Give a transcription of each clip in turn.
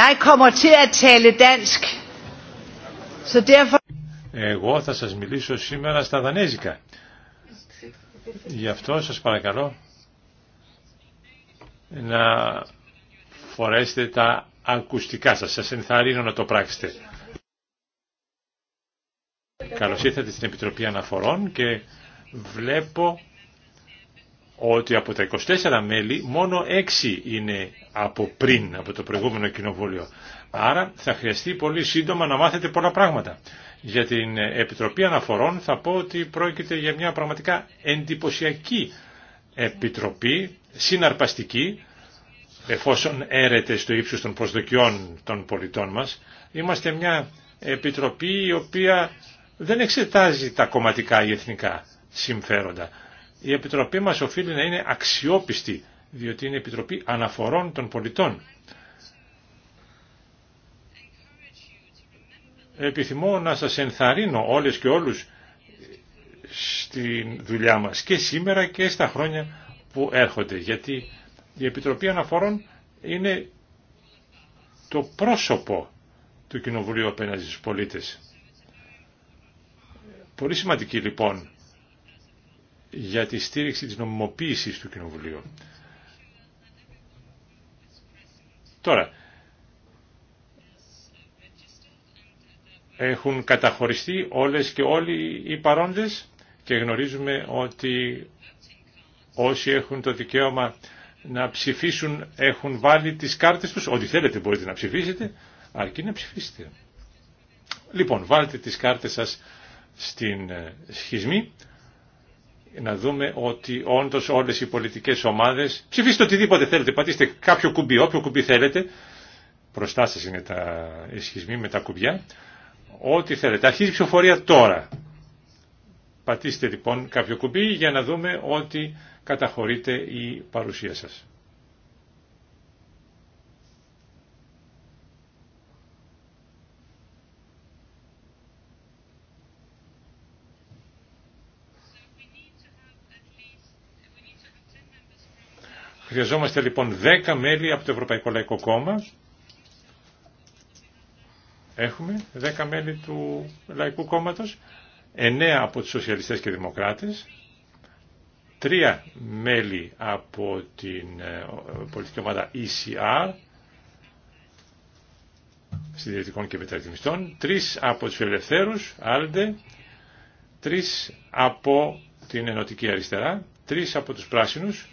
Jeg Εγώ θα σας μιλήσω σήμερα στα δανέζικα. Γι' αυτό σας παρακαλώ να φορέσετε τα ακουστικά σας. Σας ενθαρρύνω να το πράξετε. Καλώς ήρθατε στην Επιτροπή Αναφορών και βλέπω ότι από τα 24 μέλη μόνο 6 είναι από πριν, από το προηγούμενο κοινοβούλιο. Άρα θα χρειαστεί πολύ σύντομα να μάθετε πολλά πράγματα. Για την Επιτροπή Αναφορών θα πω ότι πρόκειται για μια πραγματικά εντυπωσιακή επιτροπή, συναρπαστική, εφόσον έρεται στο ύψος των προσδοκιών των πολιτών μας. Είμαστε μια επιτροπή η οποία δεν εξετάζει τα κομματικά ή εθνικά συμφέροντα. Η Επιτροπή μας οφείλει να είναι αξιόπιστη διότι είναι Επιτροπή Αναφορών των Πολιτών. Επιθυμώ να σας ενθαρρύνω όλες και όλους στη δουλειά μας και σήμερα και στα χρόνια που έρχονται, γιατί η Επιτροπή Αναφορών είναι το πρόσωπο του Κοινοβουλίου απέναντι στους πολίτες. Πολύ σημαντική λοιπόν για τη στήριξη της νομιμοποίησης του Κοινοβουλίου. Τώρα, έχουν καταχωριστεί όλες και όλοι οι παρόντες και γνωρίζουμε ότι όσοι έχουν το δικαίωμα να ψηφίσουν έχουν βάλει τις κάρτες τους, ό,τι θέλετε μπορείτε να ψηφίσετε, αρκεί να ψηφίσετε. Λοιπόν, βάλτε τις κάρτες σας στην ε, σχισμή να δούμε ότι όντως όλες οι πολιτικές ομάδες, ψηφίστε οτιδήποτε θέλετε, πατήστε κάποιο κουμπί, όποιο κουμπί θέλετε, μπροστά σας είναι τα ισχυσμοί με τα κουμπιά, ό,τι θέλετε. Αρχίζει η ψηφοφορία τώρα. Πατήστε λοιπόν κάποιο κουμπί για να δούμε ότι καταχωρείται η παρουσία σας. Χρειαζόμαστε λοιπόν 10 μέλη από το Ευρωπαϊκό Λαϊκό Κόμμα. Έχουμε 10 μέλη του Λαϊκού Κόμματος, 9 από τους Σοσιαλιστές και Δημοκράτες, 3 μέλη από την ε, πολιτική ομάδα ECR, συντηρητικών και μεταρρυθμιστών, 3 από τους Ελευθέρους, ALDE, 3 από την Ενωτική Αριστερά, 3 από τους Πράσινους,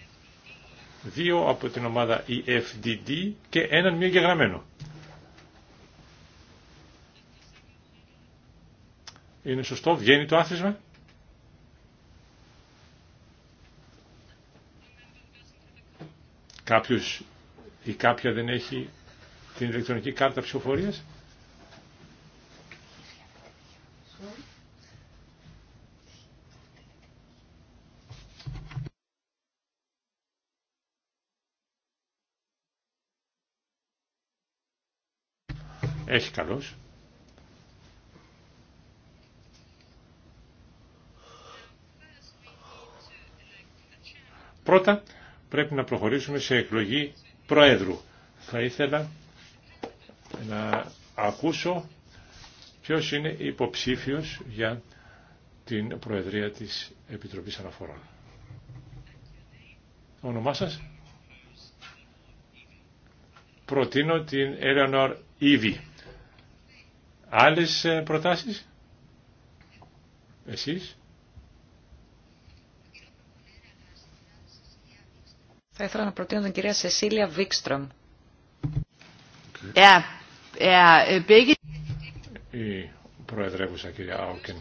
δύο από την ομάδα EFDD και έναν μη εγγεγραμμένο. Είναι σωστό, βγαίνει το άθροισμα. Κάποιος ή κάποια δεν έχει την ηλεκτρονική κάρτα ψηφοφορίας. Έχει καλώς. Πρώτα πρέπει να προχωρήσουμε σε εκλογή Προέδρου. Θα ήθελα να ακούσω ποιος είναι υποψήφιος για την Προεδρία της Επιτροπής Αναφορών. Όνομά σας. Προτείνω την Eleanor Ήβη. Άλλες ε, προτάσεις. Εσείς. Θα ήθελα να προτείνω την κυρία Σεσίλια Βίκστρομ. Ε, Η προεδρεύουσα κυρία Άουκεν.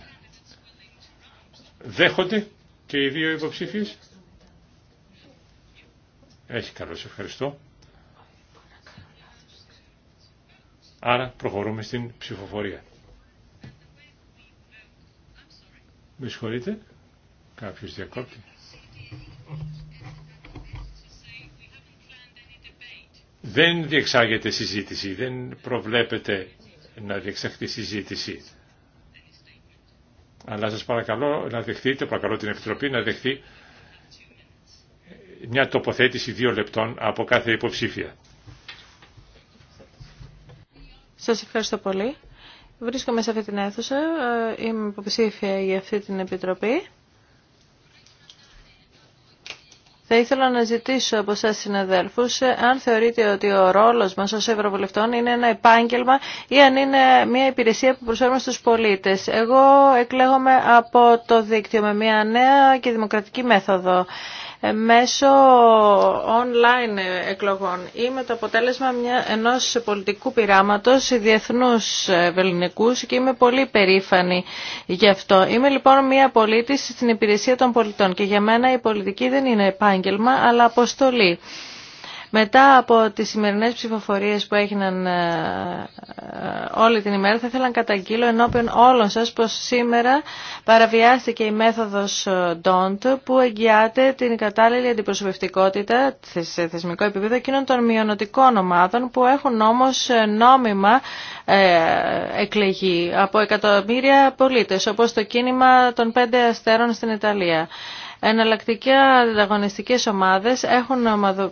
Δέχονται και οι δύο υποψήφιες. Έχει καλώς, ευχαριστώ. Άρα προχωρούμε στην ψηφοφορία. Με συγχωρείτε, κάποιος διακόπτει. Δεν διεξάγεται συζήτηση, δεν προβλέπεται να διεξαχθεί συζήτηση. Αλλά σας παρακαλώ να δεχτείτε, παρακαλώ την Επιτροπή να δεχθεί μια τοποθέτηση δύο λεπτών από κάθε υποψήφια. Σας ευχαριστώ πολύ. Βρίσκομαι σε αυτή την αίθουσα. Ε, είμαι υποψήφια για αυτή την επιτροπή. Θα ήθελα να ζητήσω από εσά συναδέλφου ε, αν θεωρείτε ότι ο ρόλο μα ω Ευρωβουλευτών είναι ένα επάγγελμα ή αν είναι μια υπηρεσία που προσφέρουμε στου πολίτε. Εγώ εκλέγομαι από το δίκτυο με μια νέα και δημοκρατική μέθοδο μέσω online εκλογών ή το αποτέλεσμα μια, ενός πολιτικού πειράματος διεθνούς ελληνικούς και είμαι πολύ περήφανη γι' αυτό. Είμαι λοιπόν μια πολίτης στην υπηρεσία των πολιτών και για μένα η πολιτική δεν είναι επάγγελμα αλλά αποστολή. Μετά από τις σημερινές ψηφοφορίες που έγιναν ε, ε, όλη την ημέρα, θα ήθελα να καταγγείλω ενώπιον όλων σας πως σήμερα παραβιάστηκε η μέθοδος ε, DONT που εγγυάται την κατάλληλη αντιπροσωπευτικότητα σε θεσμικό επίπεδο εκείνων των μειονοτικών ομάδων που έχουν όμως νόμιμα εκλεγεί από εκατομμύρια πολίτες, όπως το κίνημα των πέντε αστέρων στην Ιταλία εναλλακτικά ανταγωνιστικές ομάδες έχουν,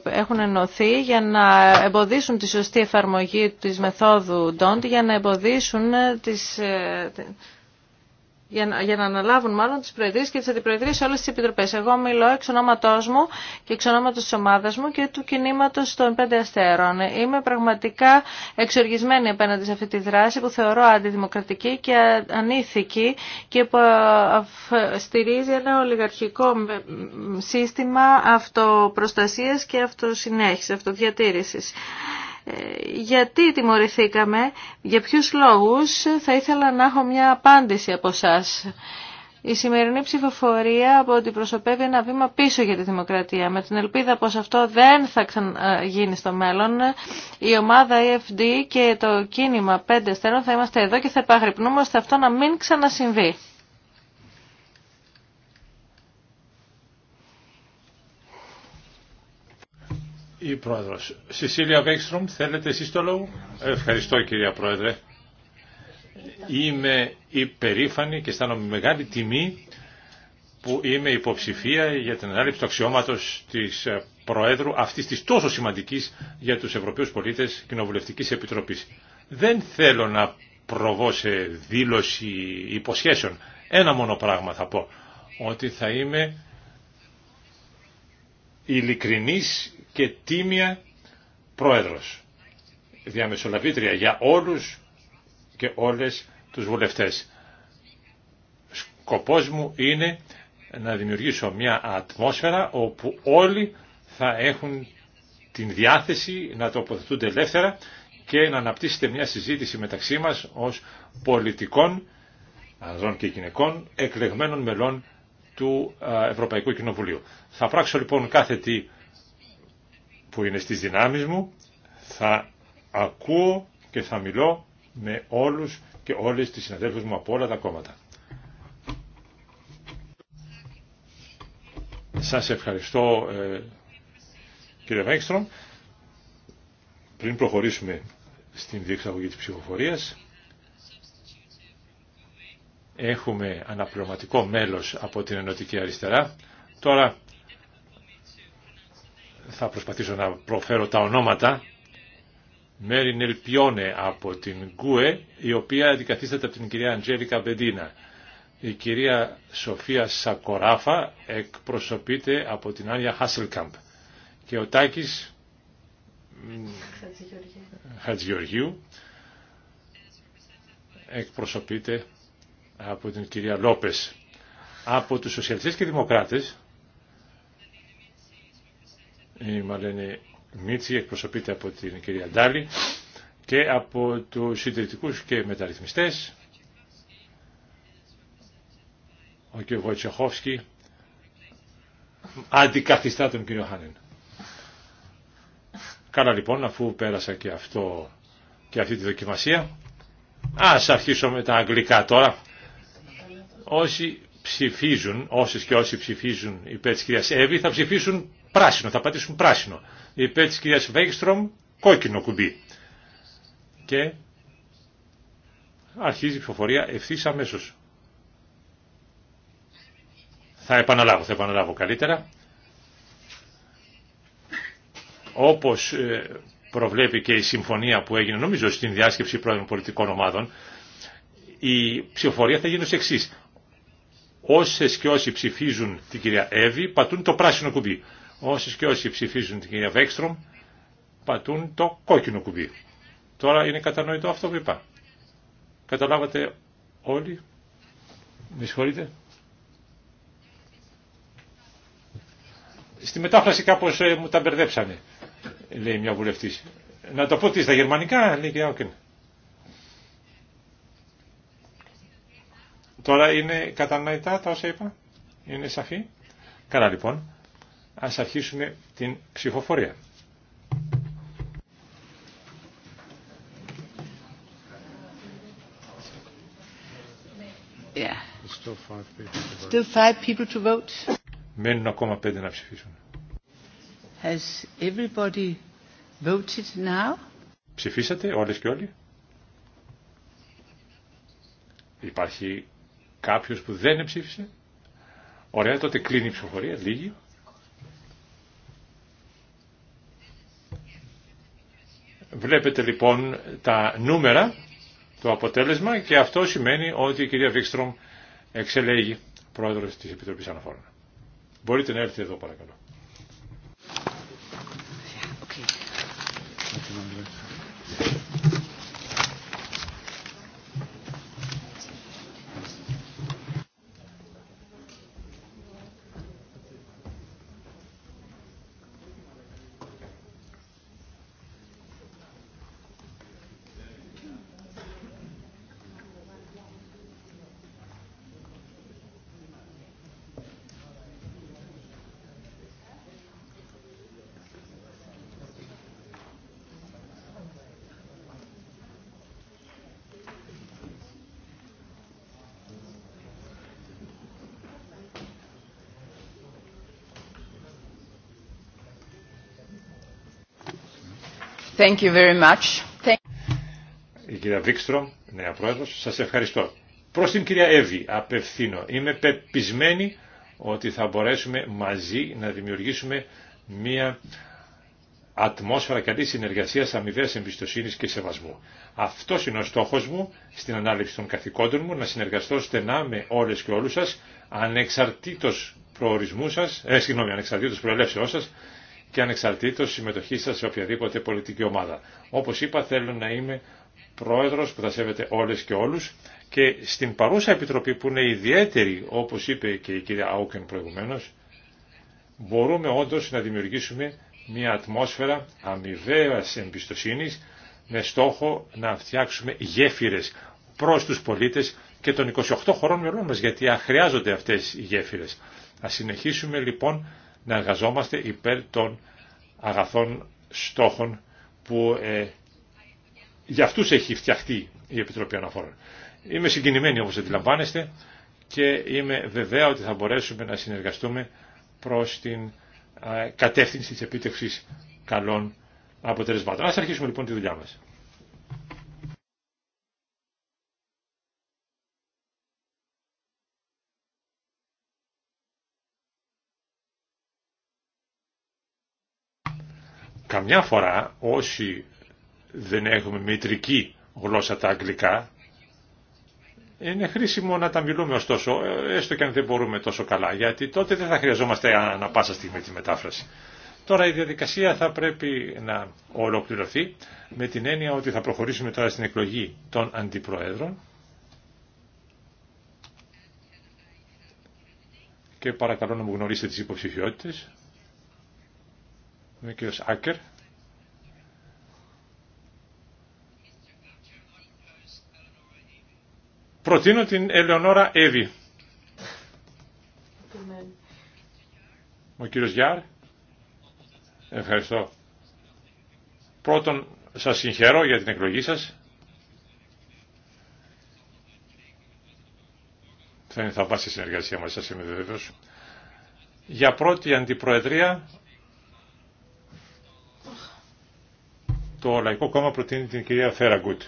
έχουν ενωθεί για να εμποδίσουν τη σωστή εφαρμογή της μεθόδου DONT, για να εμποδίσουν ε, τις, ε, για να, αναλάβουν μάλλον τι προεδρίες και τι αντιπροεδρίες σε όλες τις επιτροπές. Εγώ μιλώ εξ ονόματό μου και εξ ονόματο τη ομάδα μου και του κινήματος των πέντε αστέρων. Είμαι πραγματικά εξοργισμένη απέναντι σε αυτή τη δράση που θεωρώ αντιδημοκρατική και ανήθικη και που στηρίζει ένα ολιγαρχικό σύστημα αυτοπροστασία και αυτοσυνέχισης, αυτοδιατήρησης γιατί τιμωρηθήκαμε, για ποιους λόγους, θα ήθελα να έχω μια απάντηση από εσά. Η σημερινή ψηφοφορία από ένα βήμα πίσω για τη δημοκρατία. Με την ελπίδα πως αυτό δεν θα γίνει στο μέλλον, η ομάδα EFD και το κίνημα 5 αστέρων θα είμαστε εδώ και θα επαγρυπνούμε ώστε αυτό να μην ξανασυμβεί. η Πρόεδρος. Σισίλια Βέξτρομ, θέλετε εσείς το λόγο. Ευχαριστώ κυρία Πρόεδρε. Είμαι υπερήφανη και αισθάνομαι μεγάλη τιμή που είμαι υποψηφία για την ανάληψη του αξιώματος της Προέδρου αυτή της τόσο σημαντικής για τους Ευρωπαίους πολίτες Κοινοβουλευτικής Επιτροπής. Δεν θέλω να προβώ σε δήλωση υποσχέσεων. Ένα μόνο πράγμα θα πω, ότι θα είμαι ειλικρινής και τίμια πρόεδρος, διαμεσολαβήτρια για όλους και όλες τους βουλευτές. Σκοπός μου είναι να δημιουργήσω μια ατμόσφαιρα όπου όλοι θα έχουν την διάθεση να τοποθετούνται ελεύθερα και να αναπτύσσεται μια συζήτηση μεταξύ μας ως πολιτικών, ανδρών και γυναικών, εκλεγμένων μελών του Ευρωπαϊκού Κοινοβουλίου. Θα πράξω λοιπόν κάθε τι που είναι στις δυνάμεις μου, θα ακούω και θα μιλώ με όλους και όλες τις συναδέλφους μου από όλα τα κόμματα. Σας ευχαριστώ ε, κύριε Βέγκστρομ. Πριν προχωρήσουμε στην διεξαγωγή της ψηφοφορίας, έχουμε αναπληρωματικό μέλος από την Ενωτική Αριστερά. Τώρα θα προσπαθήσω να προφέρω τα ονόματα. Μέρι Νελπιόνε από την Γκουε, η οποία αντικαθίσταται από την κυρία Αντζέλικα Μπεντίνα. Η κυρία Σοφία Σακοράφα εκπροσωπείται από την Άνια Χάσελκαμπ. Και ο Τάκης Χατζηγεωργίου εκπροσωπείται από την κυρία Λόπες. Από τους σοσιαλιστές και δημοκράτες, η Μαλένη Μίτση εκπροσωπείται από την κυρία Ντάλη και από τους συντηρητικούς και μεταρρυθμιστές, ο κ. Βοητσεχόφσκι αντικαθιστά τον κύριο Χάνεν. Καλά λοιπόν, αφού πέρασα και αυτό και αυτή τη δοκιμασία, ας αρχίσω με τα αγγλικά τώρα όσοι ψηφίζουν, όσε και όσοι ψηφίζουν υπέρ τη κυρία Εύη θα ψηφίσουν πράσινο, θα πατήσουν πράσινο. Υπέρ τη κυρία Βέγστρομ κόκκινο κουμπί. Και αρχίζει η ψηφοφορία ευθύ αμέσω. Θα επαναλάβω, θα επαναλάβω καλύτερα. Όπως ε, προβλέπει και η συμφωνία που έγινε νομίζω στην διάσκεψη πρώην πολιτικών ομάδων, η ψηφοφορία θα γίνει ω εξή όσες και όσοι ψηφίζουν την κυρία Εύη πατούν το πράσινο κουμπί. Όσες και όσοι ψηφίζουν την κυρία Βέξτρομ πατούν το κόκκινο κουμπί. Τώρα είναι κατανοητό αυτό που είπα. Καταλάβατε όλοι. Με συγχωρείτε. Στη μετάφραση κάπως ε, μου τα μπερδέψανε, λέει μια βουλευτής. Να το πω τι στα γερμανικά, λέει και Τώρα είναι κατανοητά τα όσα είπα. Είναι σαφή. Καλά λοιπόν. Ας αρχίσουμε την ψηφοφορία. Μένουν ακόμα πέντε να ψηφίσουν. Has everybody voted now? Ψηφίσατε όλες και όλοι. Υπάρχει Κάποιος που δεν ψήφισε. Ωραία, τότε κλείνει η ψηφοφορία, λίγη. Βλέπετε λοιπόν τα νούμερα, το αποτέλεσμα και αυτό σημαίνει ότι η κυρία Βίξτρομ εξελέγει πρόεδρος της Επιτροπής Αναφόρων. Μπορείτε να έρθετε εδώ παρακαλώ. Yeah, Thank you very much. Thank... Η κυρία Βίξτρομ, νέα πρόεδρος, σας ευχαριστώ. Προς την κυρία Εύη απευθύνω. Είμαι πεπισμένη ότι θα μπορέσουμε μαζί να δημιουργήσουμε μια ατμόσφαιρα καλή συνεργασία, αμοιβαία εμπιστοσύνη και σεβασμού. Αυτό είναι ο στόχο μου στην ανάληψη των καθηκόντων μου, να συνεργαστώ στενά με όλε και όλου σα, ανεξαρτήτω προορισμού σα, ε, συγγνώμη, ανεξαρτήτω προελεύσεώ σα και ανεξαρτήτως συμμετοχή σας σε οποιαδήποτε πολιτική ομάδα. Όπως είπα θέλω να είμαι πρόεδρος που θα σέβεται όλες και όλους και στην παρούσα επιτροπή που είναι ιδιαίτερη όπως είπε και η κυρία Άουκεν προηγουμένως μπορούμε όντως να δημιουργήσουμε μια ατμόσφαιρα αμοιβαίας εμπιστοσύνης με στόχο να φτιάξουμε γέφυρες προς τους πολίτες και των 28 χωρών μελών μας, γιατί χρειάζονται αυτές οι γέφυρες. Να συνεχίσουμε λοιπόν να εργαζόμαστε υπέρ των αγαθών στόχων που ε, για αυτούς έχει φτιαχτεί η Επιτροπή Αναφόρων. Είμαι συγκινημένη όπως αντιλαμβάνεστε και είμαι βεβαία ότι θα μπορέσουμε να συνεργαστούμε προς την ε, κατεύθυνση της επίτευξης καλών αποτελεσμάτων. Ας αρχίσουμε λοιπόν τη δουλειά μας. Μια φορά όσοι δεν έχουμε μητρική γλώσσα τα αγγλικά, είναι χρήσιμο να τα μιλούμε ωστόσο, έστω και αν δεν μπορούμε τόσο καλά, γιατί τότε δεν θα χρειαζόμαστε ανά πάσα στιγμή τη μετάφραση. Τώρα η διαδικασία θα πρέπει να ολοκληρωθεί με την έννοια ότι θα προχωρήσουμε τώρα στην εκλογή των αντιπροέδρων και παρακαλώ να μου γνωρίσετε τις υποψηφιότητες. Είμαι ο κ. Άκερ. Προτείνω την Ελεονόρα Εύη. Ο κύριος Γιάρ. Ευχαριστώ. Πρώτον, σας συγχαίρω για την εκλογή σας. Θα είναι θαυμάσια συνεργασία μαζί σας, είμαι βέβαιος. Για πρώτη αντιπροεδρία, το Λαϊκό Κόμμα προτείνει την κυρία Φέραγκουτ.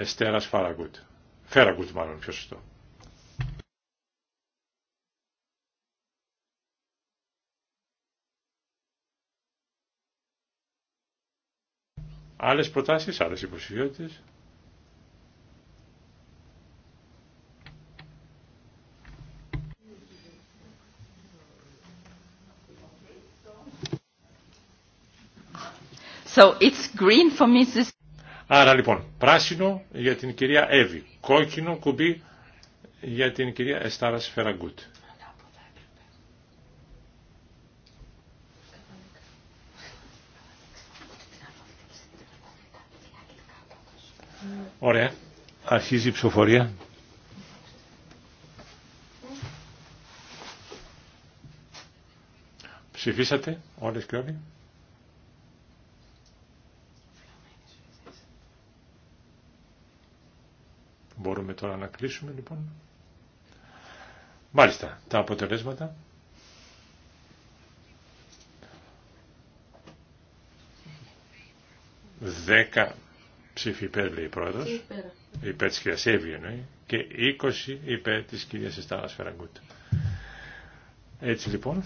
Εστέρας Φαραγκούτ. Φέραγκούτ μάλλον πιο σωστό. Άλλες προτάσεις, άλλες υποψηφιότητες. So it's green for this Άρα λοιπόν, πράσινο για την κυρία Εύη, κόκκινο κουμπί για την κυρία Εστάρα Σφεραγκούτ. Ωραία. Αρχίζει η ψηφοφορία. Ψηφίσατε όλες και όλοι. τώρα να κλείσουμε λοιπόν. Μάλιστα, τα αποτελέσματα. Δέκα ψήφι υπέρ, λέει η πρόεδρος, υπέρ της κυρίας εννοεί, και 20 υπέρ της κυρίας Εστάλας Φεραγκούτ. Έτσι λοιπόν,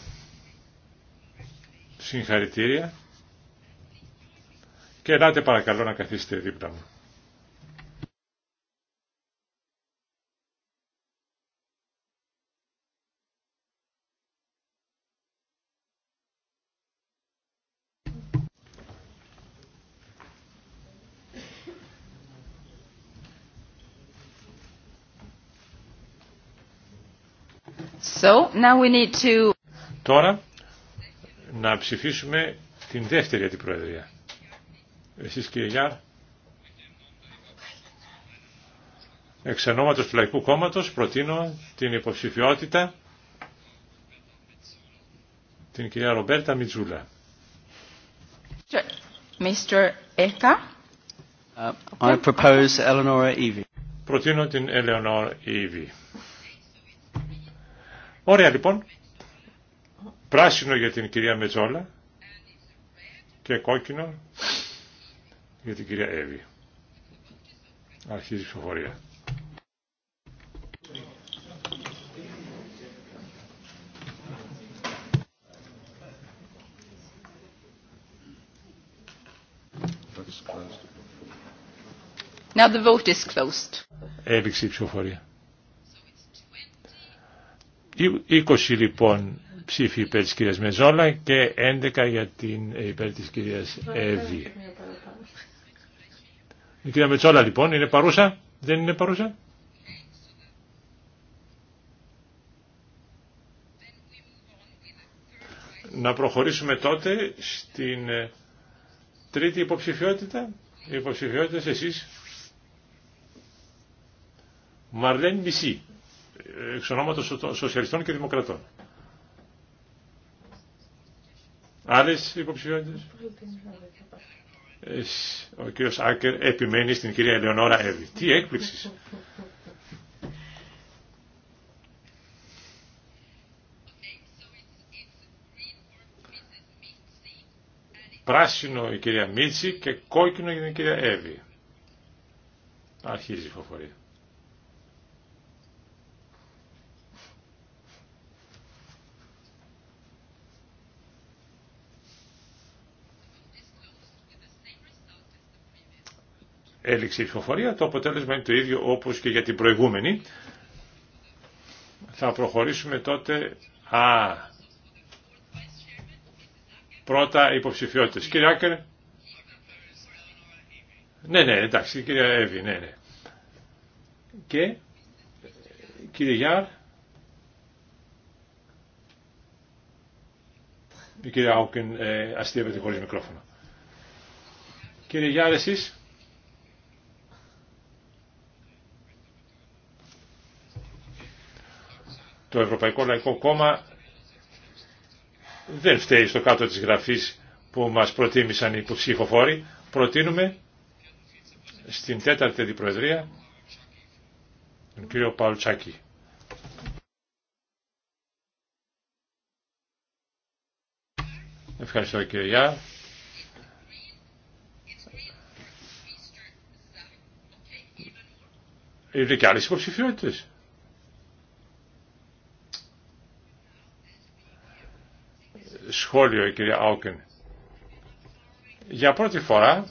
συγχαρητήρια και ελάτε παρακαλώ να καθίσετε δίπλα μου. now we need to... Τώρα να ψηφίσουμε την δεύτερη αντιπροεδρία. Εσείς κύριε Γιάρ. Εξ ονόματος του Λαϊκού Κόμματος προτείνω την υποψηφιότητα την κυρία Ρομπέρτα Μιτζούλα. Mr. Eka. Uh, I propose Προτείνω την Eleanor Evie. Ωραία λοιπόν. Πράσινο για την κυρία Μετζόλα και κόκκινο για την κυρία Εύη. Αρχίζει η ψηφοφορία. Now the vote is closed. Έδειξε η ψηφοφορία. 20 λοιπόν ψήφι υπέρ της κυρίας Μεζόλα και 11 για την ε, υπέρ της κυρίας Εύη. Η κυρία Μετσόλα λοιπόν είναι παρούσα, δεν είναι παρούσα. Να προχωρήσουμε τότε στην ε, τρίτη υποψηφιότητα. υποψηφιότητες εσείς. Μαρλέν Μισή εξ ονόματος Σοσιαλιστών και Δημοκρατών. Άλλες υποψηφιότητες. Ο κύριος Άκερ επιμένει στην κυρία Ελεονόρα Εύη. Τι έκπληξη. Πράσινο η κυρία Μίτση και κόκκινο η κυρία Εύη. Αρχίζει η φοφορία. έληξε η ψηφοφορία, το αποτέλεσμα είναι το ίδιο όπως και για την προηγούμενη. Θα προχωρήσουμε τότε... Α, πρώτα υποψηφιότητες. Κύριε Άκερ. Ναι, ναι, εντάξει, κυρία Εύη, ναι, ναι. Και, κύριε Γιάρ. Η κυρία Άουκεν ε, αστείευεται χωρίς μικρόφωνο. Κύριε Γιάρ, εσείς. το Ευρωπαϊκό Λαϊκό Κόμμα δεν φταίει στο κάτω της γραφής που μας προτίμησαν οι υποψηφοφόροι. Προτείνουμε στην τέταρτη διπροεδρία τον κύριο Παουλτσάκη. Ευχαριστώ κύριε Γιά. Είναι και άλλες υποψηφιότητες. σχόλιο κυρία Για πρώτη φορά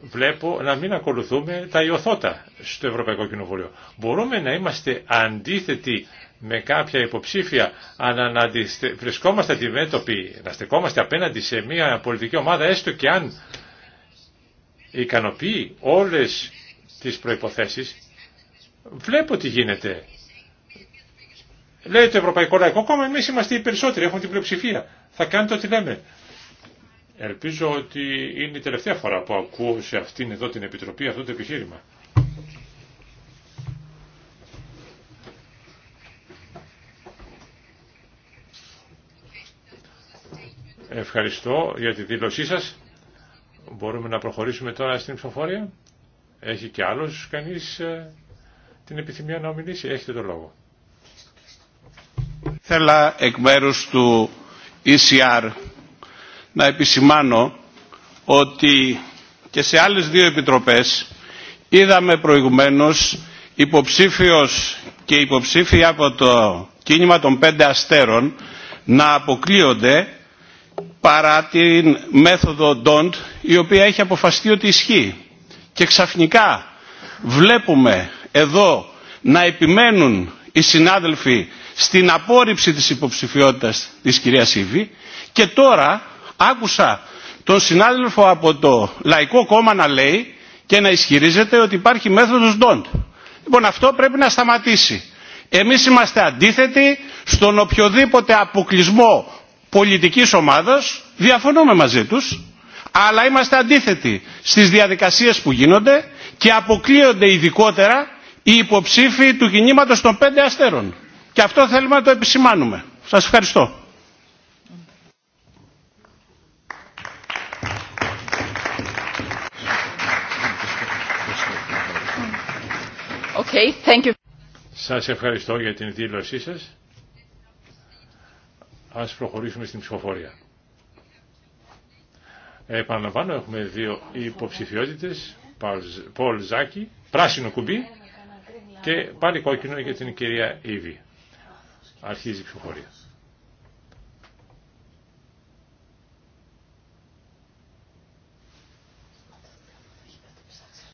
βλέπω να μην ακολουθούμε τα ιωθώτα στο Ευρωπαϊκό Κοινοβούλιο. Μπορούμε να είμαστε αντίθετοι με κάποια υποψήφια, αλλά να βρισκόμαστε αντιμέτωποι, να στεκόμαστε απέναντι σε μια πολιτική ομάδα, έστω και αν ικανοποιεί όλες τις προϋποθέσεις, βλέπω τι γίνεται Λέει το Ευρωπαϊκό Λαϊκό Κόμμα, εμεί είμαστε οι περισσότεροι, έχουμε την πλειοψηφία. Θα κάνετε ό,τι λέμε. Ελπίζω ότι είναι η τελευταία φορά που ακούω σε αυτήν εδώ την Επιτροπή αυτό το επιχείρημα. Ευχαριστώ για τη δήλωσή σας. Μπορούμε να προχωρήσουμε τώρα στην ψηφοφορία. Έχει και άλλος κανείς ε, την επιθυμία να ομιλήσει. Έχετε το λόγο. Θέλω εκ μέρους του ECR να επισημάνω ότι και σε άλλες δύο επιτροπές είδαμε προηγουμένως υποψήφιος και υποψήφια από το κίνημα των πέντε αστέρων να αποκλείονται παρά την μέθοδο DONT η οποία έχει αποφαστεί ότι ισχύει. Και ξαφνικά βλέπουμε εδώ να επιμένουν οι συνάδελφοι στην απόρριψη της υποψηφιότητας της κυρίας Ήβη και τώρα άκουσα τον συνάδελφο από το Λαϊκό Κόμμα να λέει και να ισχυρίζεται ότι υπάρχει μέθοδος don't. Λοιπόν αυτό πρέπει να σταματήσει. Εμείς είμαστε αντίθετοι στον οποιοδήποτε αποκλεισμό πολιτικής ομάδας, διαφωνούμε μαζί τους, αλλά είμαστε αντίθετοι στις διαδικασίες που γίνονται και αποκλείονται ειδικότερα οι υποψήφοι του κινήματος των πέντε αστέρων. Και αυτό θέλουμε να το επισημάνουμε. Σας ευχαριστώ. Okay, thank you. Σας ευχαριστώ για την δήλωσή σας. Ας προχωρήσουμε στην ψηφοφορία. Επαναλαμβάνω, έχουμε δύο υποψηφιότητες, Πολ Ζάκη, πράσινο κουμπί και πάλι κόκκινο για την κυρία Ήβη. Αρχίζει η ψηφοφορία.